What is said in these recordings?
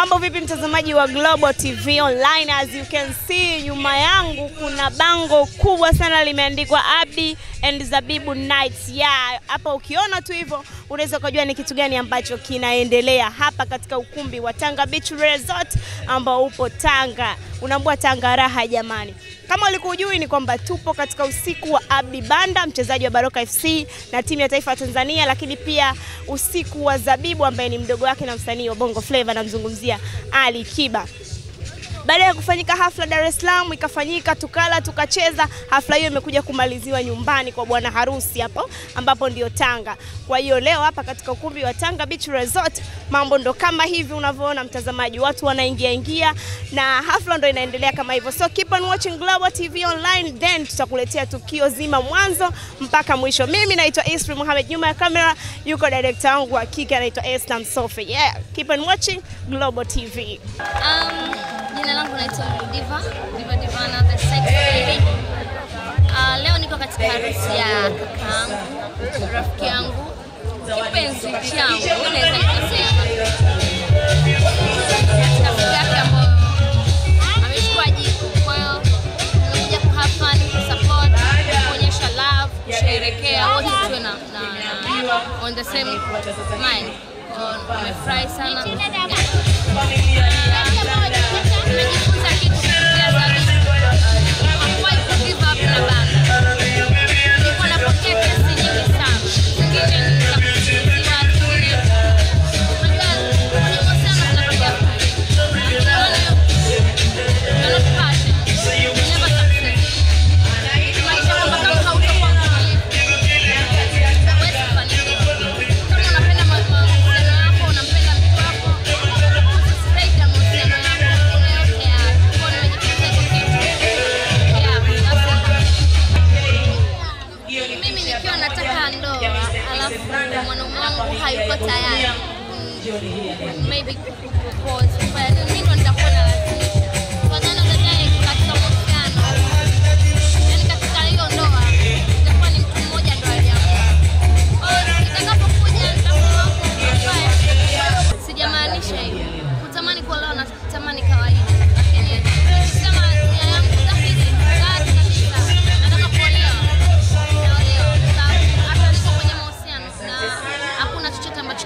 Mambo vipi mtazamaji wa Global TV Online? As you can see nyuma yangu kuna bango kubwa sana limeandikwa Abdi and Zabibu Nights. Yeah, hapa ukiona tu hivyo unaweza ukajua ni kitu gani ambacho kinaendelea hapa katika ukumbi wa Tanga Beach Resort ambao upo Tanga. Unaambua Tanga raha jamani. Kama ulikujui ni kwamba tupo katika usiku wa Abdi Banda, mchezaji wa Baroka FC na timu ya taifa ya Tanzania, lakini pia usiku wa Zabibu ambaye ni mdogo wake na msanii wa Bongo Flava, namzungumzia Ali Kiba. Baada ya kufanyika hafla Dar es Salaam, ikafanyika tukala, tukacheza. Hafla hiyo imekuja kumaliziwa nyumbani kwa bwana harusi hapo, ambapo ndio Tanga. Kwa hiyo leo hapa katika ukumbi wa Tanga Beach Resort mambo ndo kama hivi unavyoona mtazamaji, watu wanaingia ingia na hafla ndo inaendelea kama hivyo. So keep on watching Global TV Online, then tutakuletea tukio zima mwanzo mpaka mwisho. Mimi naitwa Isri Mohamed, nyuma ya kamera yuko director wangu wa kike anaitwa Esther Msofe. Yeah, keep on watching Global TV. Um... Jina langu naitwa Diva, Diva Divana the sex lady. Uh, ah, leo niko katika harusi ya kakaangu, rafiki yangu, kipenzi changu, unaweza kusema katika wote tuwe na, na, na on the same mind. wamefurahi sana madoa, alafu mwanaume wangu maybe because.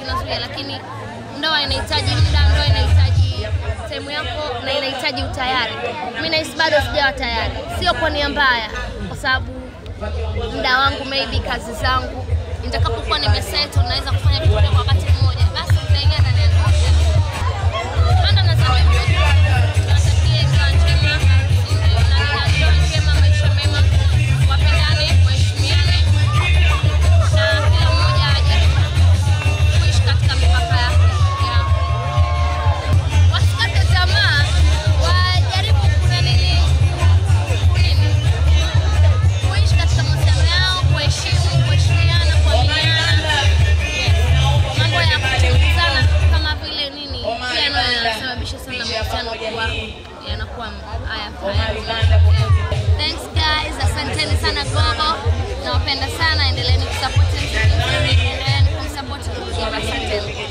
kinazuia, lakini ndoa inahitaji muda, ndoa inahitaji sehemu yako na inahitaji utayari. Mimi nahisi bado sijawa tayari, sio kwa nia mbaya, kwa sababu muda wangu, maybe kazi zangu, nitakapokuwa nimesettle naweza kufanya vitu kwa wakati mmoja, basi nitaingia ndani ya ndoa. moja hii yanakuwa haya. Thanks guys, asanteni sana Gogo, nawapenda sana, endeleeni kusupport endeleeni kumsupport asanteni.